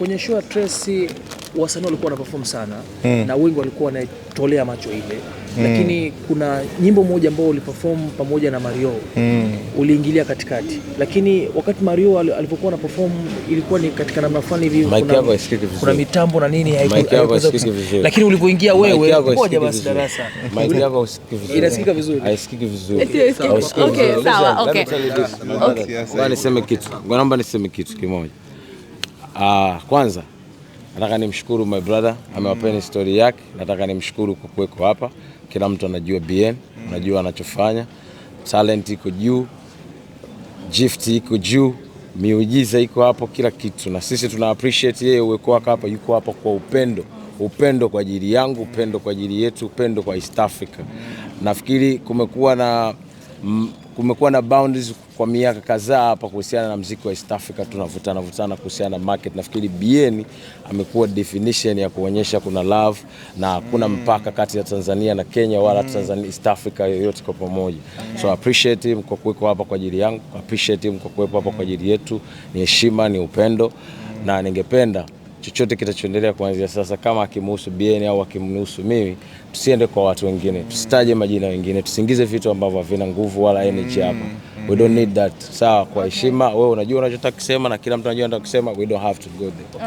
kwenye show ya Tracy wasanii walikuwa perform sana mm. na wengi walikuwa wanatolea macho ile mm. lakini kuna nyimbo moja ambayo uliperform pamoja na Mario mm. uliingilia katikati, lakini wakati Mario alipokuwa perform ilikuwa ni katika namna fulani hivi, kuna, kuna mitambo na nini, lakini ulipoingia wewe ngoja basi darasa inasikika vizuri, haisikiki vizuri. Okay, sawa. Okay, niseme kitu, naomba niseme kitu kimoja Ah, kwanza nataka nimshukuru my brother amewapeni mm. story yake. Nataka nimshukuru kwa kuweko hapa. Kila mtu anajua BN, mm. anajua anachofanya. Talent iko juu, gift iko juu, miujiza iko hapo, kila kitu, na sisi tuna appreciate yeye uweko wake hapa. Yuko hapa kwa upendo, upendo kwa ajili yangu, upendo kwa ajili yetu, upendo kwa East Africa. Nafikiri kumekuwa na kumekuwa na boundaries kwa miaka kadhaa hapa kuhusiana na mziki wa East Africa, tunavutana vutana kuhusiana na market. Nafikiri bn amekuwa definition ya kuonyesha kuna love na hakuna mm. mpaka kati ya Tanzania na Kenya wala mm. Tanzania East Africa yoyote kwa pamoja mm. so appreciate him kwa kuwepo hapa kwa ajili yangu, appreciate him kwa kuwepo hapa kwa ajili yetu. Ni heshima, ni upendo mm. na ningependa chochote kitachoendelea kuanzia sasa, kama akimuhusu bn au akimnuhusu mimi, tusiende kwa watu wengine, tusitaje majina wengine, tusiingize vitu ambavyo havina nguvu wala energy hapa. Mm, mm, we don't mm. need that. Sawa, kwa heshima, wewe unajua unachotaka kusema na kila mtu anajua anataka kusema, we don't have to go there.